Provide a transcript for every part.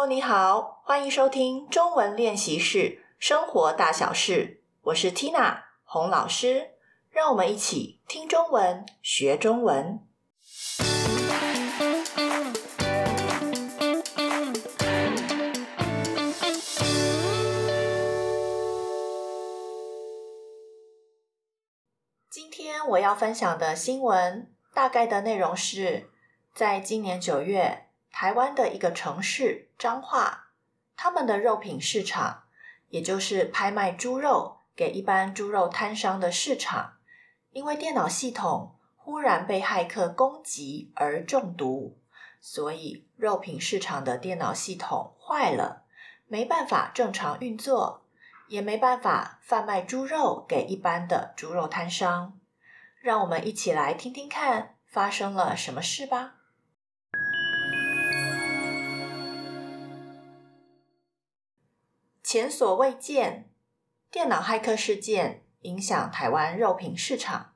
Hello，你好，歡迎收聽中文練習室生活大小事。我是 Tina 洪老師，讓我們一起聽中文，學中文。今天我要分享的新聞，大概的內容是在今年九月。台灣的一個城市彰化，他們的肉品市場，也就是拍賣豬肉給一般豬肉攤商的市場，因為電腦系統忽然被駭客攻擊而中毒，所以肉品市場的電腦系統壞了，沒辦法正常運作，也沒辦法販賣豬肉給一般的豬肉攤商。讓我們一起來聽聽看發生了什麼事吧。前所未見，電腦駭客事件影響台灣肉品市場。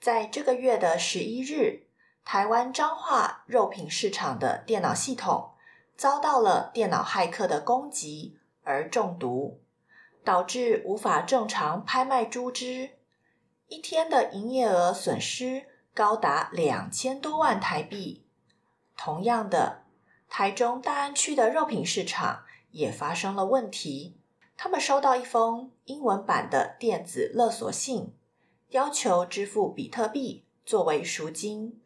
在這個月的十一日，台灣彰化肉品市場的電腦系統遭到了電腦駭客的攻擊而中毒，導致無法正常拍賣豬只，一天的營業額損失高達兩千多萬台幣。同樣的，台中大安區的肉品市場。也發生了問題。他們收到一封英文版的電子勒索信，要求支付比特幣作為贖金。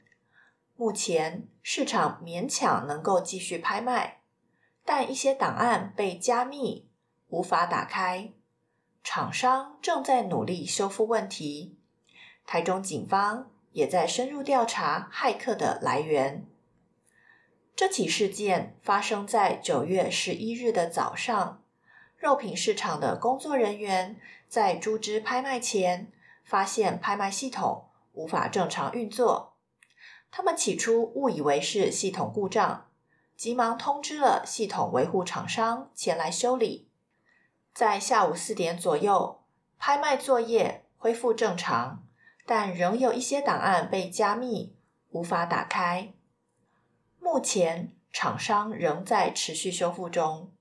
目前市場勉強能夠繼續拍賣，但一些檔案被加密，無法打開。廠商正在努力修復問題。台中警方也在深入調查駭客的來源。這起事件發生在九月十一日的早上。肉品市場的工作人員在豬隻拍賣前發現拍賣系統無法正常運作。他們起初誤以為是系統故障，急忙通知了系統維護廠商前來修理。在下午四點左右，拍賣作業恢復正常，但仍有一些檔案被加密，無法打開。目前廠商仍在持續修復中。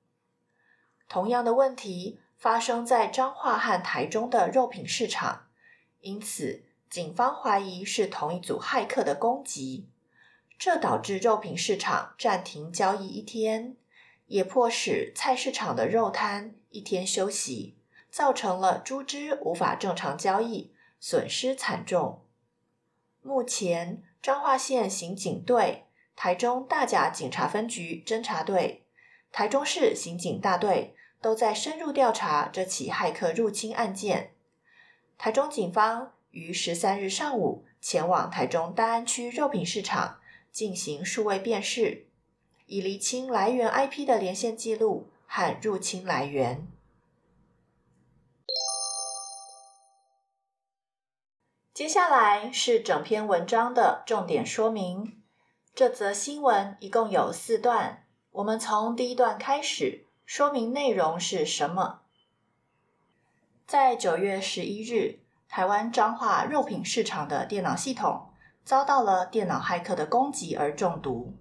同樣的問題發生在彰化和台中的肉品市場，因此警方懷疑是同一組駭客的攻擊。這導致肉品市場暫停交易一天，也迫使菜市場的肉攤一天休息，造成了豬只無法正常交易，損失慘重。目前彰化縣刑警隊。台中大甲警察分局偵查隊、台中市刑警大隊都在深入調查這起駭客入侵案件。台中警方於十三日上午前往台中大安區肉品市場進行數位辨識，以釐清來源 IP 的連線記錄和入侵來源。接下來是整篇文章的重點說明。這則新聞一共有四段，我們從第一段開始，說明內容是什麼。在九月十一日，台灣彰化肉品市場的電腦系統遭到了電腦駭客的攻擊而中毒。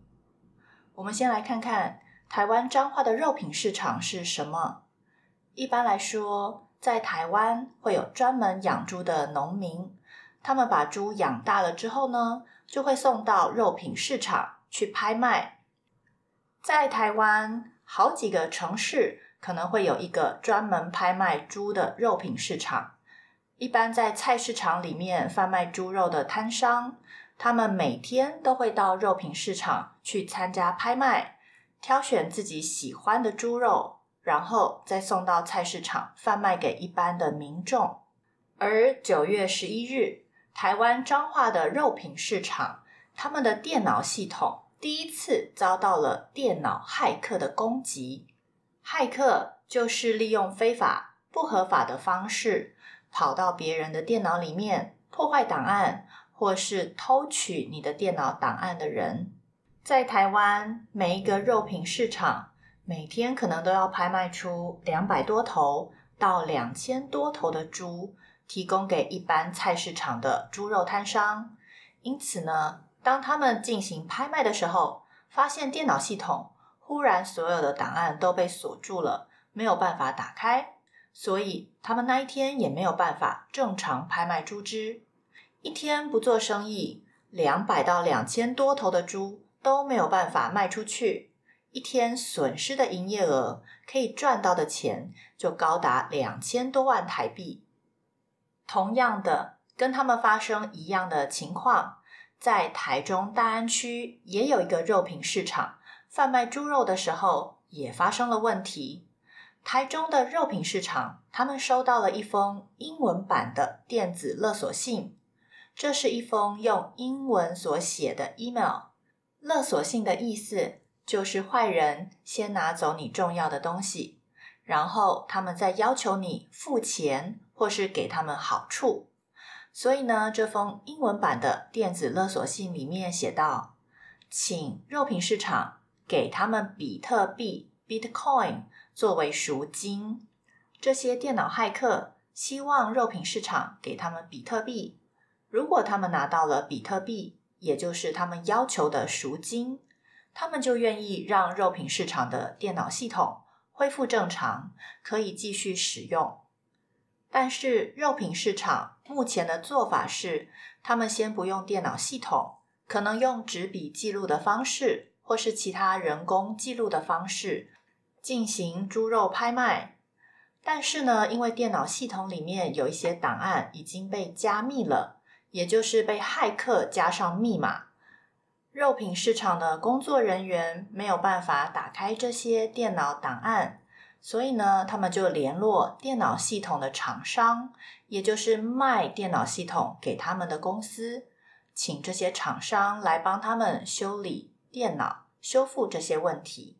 我們先來看看台灣彰化的肉品市場是什麼。一般來說，在台灣會有專門養豬的農民，他們把豬養大了之後呢，就會送到肉品市場去拍賣。在台灣，好幾個城市可能會有一個專門拍賣豬的肉品市場。一般在菜市場裡面販賣豬肉的攤商，他們每天都會到肉品市場去參加拍賣，挑選自己喜歡的豬肉，然後再送到菜市場販賣給一般的民眾。而九月十一日，台灣彰化的肉品市場，他們的電腦系統第一次遭到了電腦駭客的攻擊。駭客就是利用非法、不合法的方式，跑到別人的電腦裡面破壞檔案，或是偷取你的電腦檔案的人。在台灣，每一個肉品市場每天可能都要拍賣出兩百多頭到兩千多頭的豬。提供給一般菜市場的豬肉攤商，因此呢，當他們進行拍賣的時候，發現電腦系統忽然所有的檔案都被鎖住了，沒有辦法打開，所以他們那一天也沒有辦法正常拍賣豬隻，一天不做生意，兩百到兩千多頭的豬都沒有辦法賣出去，一天損失的營業額可以賺到的錢就高達兩千多萬台幣。同樣的，跟他們發生一樣的情況，在台中大安區也有一個肉品市場，販賣豬肉的時候也發生了問題。台中的肉品市場，他們收到了一封英文版的電子勒索信，這是一封用英文所寫的 email。勒索信的意思就是壞人先拿走你重要的東西，然後他們再要求你付錢。或是給他們好處，所以呢，這封英文版的電子勒索信裡面寫道：“請肉品市場給他們比特幣 （Bitcoin） 作為贖金。”這些電腦駭客希望肉品市場給他們比特幣。如果他們拿到了比特幣，也就是他們要求的贖金，他們就願意讓肉品市場的電腦系統恢復正常，可以繼續使用。但是肉品市場目前的做法是，他們先不用電腦系統，可能用紙筆記錄的方式，或是其他人工記錄的方式進行豬肉拍賣。但是呢，因為電腦系統裡面有一些檔案已經被加密了，也就是被駭客加上密碼，肉品市場的工作人員沒有辦法打開這些電腦檔案。所以呢，他們就聯絡電腦系統的廠商，也就是賣電腦系統給他們的公司，請這些廠商來幫他們修理電腦、修復這些問題。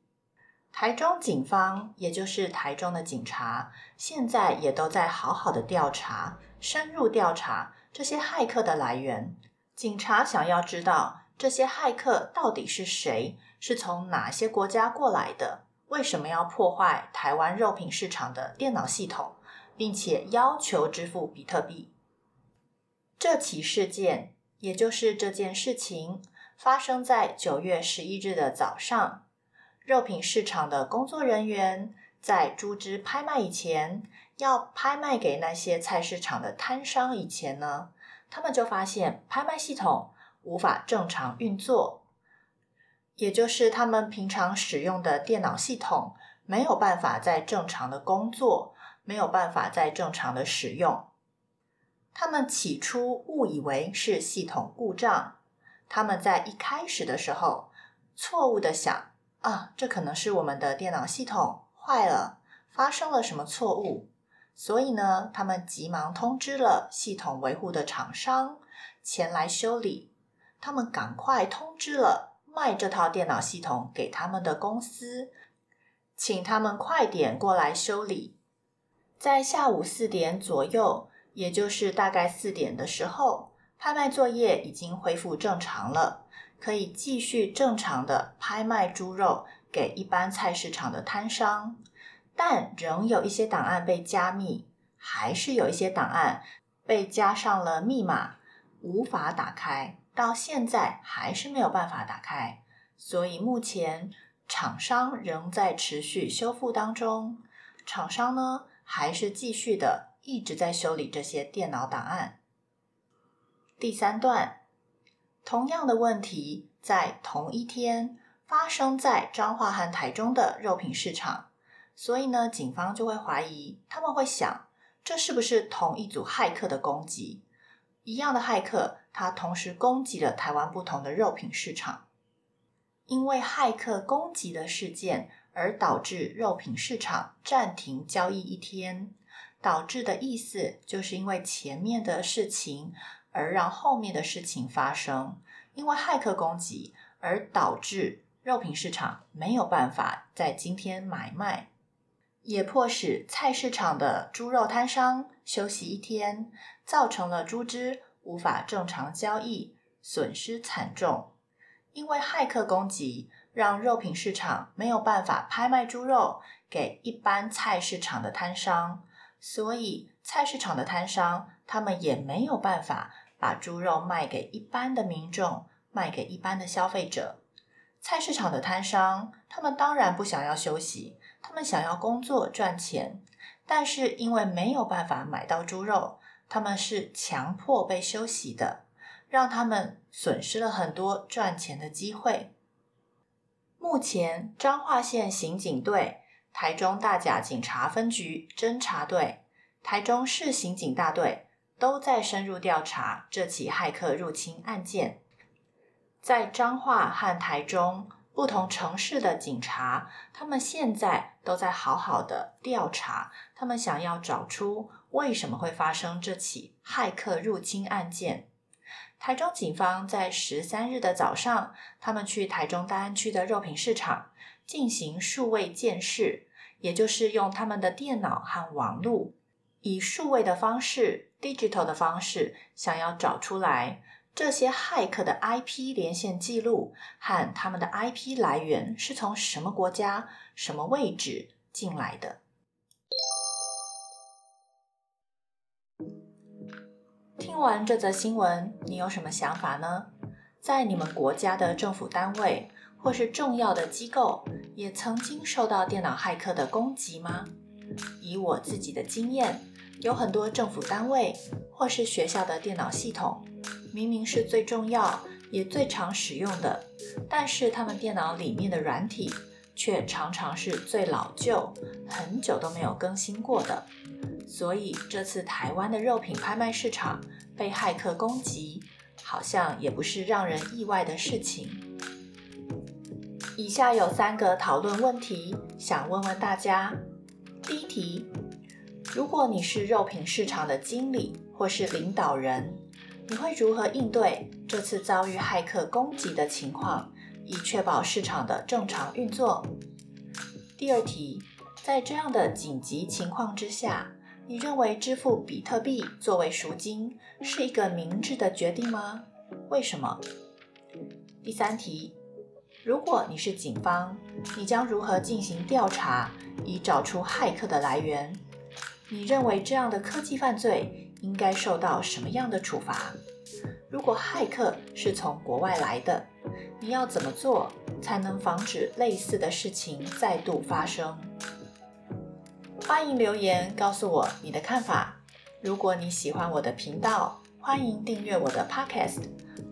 台中警方，也就是台中的警察，現在也都在好好的調查、深入調查這些駭客的來源。警察想要知道這些駭客到底是誰，是從哪些國家過來的。為什麼要破壞台灣肉品市場的電腦系統，並且要求支付比特幣？這起事件，也就是這件事情，發生在九月十一日的早上。肉品市場的工作人員在豬只拍賣以前，要拍賣給那些菜市場的攤商以前呢，他們就發現拍賣系統無法正常運作。也就是他們平常使用的電腦系統沒有辦法再正常的工作，沒有辦法再正常的使用。他們起初誤以為是系統故障。他們在一開始的時候錯誤地想啊，這可能是我們的電腦系統壞了，發生了什麼錯誤？所以呢，他們急忙通知了系統維護的廠商前來修理。他們趕快通知了。賣這套電腦系統給他們的公司，請他們快點過來修理。在下午四點左右，也就是大概四點的時候，拍賣作業已經恢復正常了，可以繼續正常的拍賣豬肉給一般菜市場的攤商。但仍有一些檔案被加密，還是有一些檔案被加上了密碼，無法打開。到現在還是沒有辦法打開，所以目前廠商仍在持續修復當中。廠商呢還是繼續的一直在修理這些電腦檔案。第三段，同樣的問題在同一天發生在彰化和台中的肉品市場，所以呢警方就會懷疑，他們會想這是不是同一組駭客的攻擊，一樣的駭客。它同時攻擊了台灣不同的肉品市場，因為駭客攻擊的事件而導致肉品市場暫停交易一天。導致的意思就是因為前面的事情而讓後面的事情發生，因為駭客攻擊而導致肉品市場沒有辦法在今天買賣，也迫使菜市場的豬肉攤商休息一天，造成了豬隻。無法正常交易，損失慘重。因為駭客攻擊，讓肉品市場沒有辦法拍賣豬肉給一般菜市場的攤商，所以菜市場的攤商他們也沒有辦法把豬肉賣給一般的民眾，賣給一般的消費者。菜市場的攤商他們當然不想要休息，他們想要工作賺錢，但是因為沒有辦法買到豬肉。他們是強迫被休息的，讓他們損失了很多賺錢的機會。目前彰化縣刑警隊、台中大甲警察分局偵查隊、台中市刑警大隊都在深入調查這起駭客入侵案件，在彰化和台中，不同城市的警察，他們現在都在好好的調查，他們想要找出為什麼會發生這起駭客入侵案件。台中警方在十三日的早上，他們去台中大安區的肉品市場進行數位鑑識，也就是用他們的電腦和網絡，以數位的方式，digital 的方式，想要找出來。這些駭客的 IP 連線記錄和他們的 IP 來源是從什麼國家、什麼位置進來的？聽完這則新聞，你有什麼想法呢？在你們國家的政府單位或是重要的機構，也曾經受到電腦駭客的攻擊嗎？以我自己的經驗，有很多政府單位或是學校的電腦系統，明明是最重要也最常使用的，但是他們電腦裡面的軟體卻常常是最老舊，很久都沒有更新過的。所以這次台灣的肉品拍賣市場被駭客攻擊，好像也不是讓人意外的事情。以下有三個討論問題，想問問大家：第一題，如果你是肉品市場的經理或是領導人，你會如何應對這次遭遇駭客攻擊的情況，以確保市場的正常運作？第二題，在這樣的緊急情況之下，你認為支付比特幣作為贖金是一個明智的決定嗎？為什麼？第三題，如果你是警方，你將如何進行調查，以找出駭客的來源？你認為這樣的科技犯罪？應該受到什麼樣的處罰？如果駭客是從國外來的，你要怎麼做才能防止類似的事情再度發生？歡迎留言告訴我你的看法。如果你喜歡我的頻道，歡迎訂閱我的 Podcast，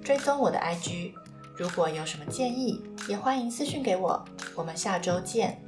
追蹤我的 IG。如果有什麼建議，也歡迎私訊給我。我們下周見。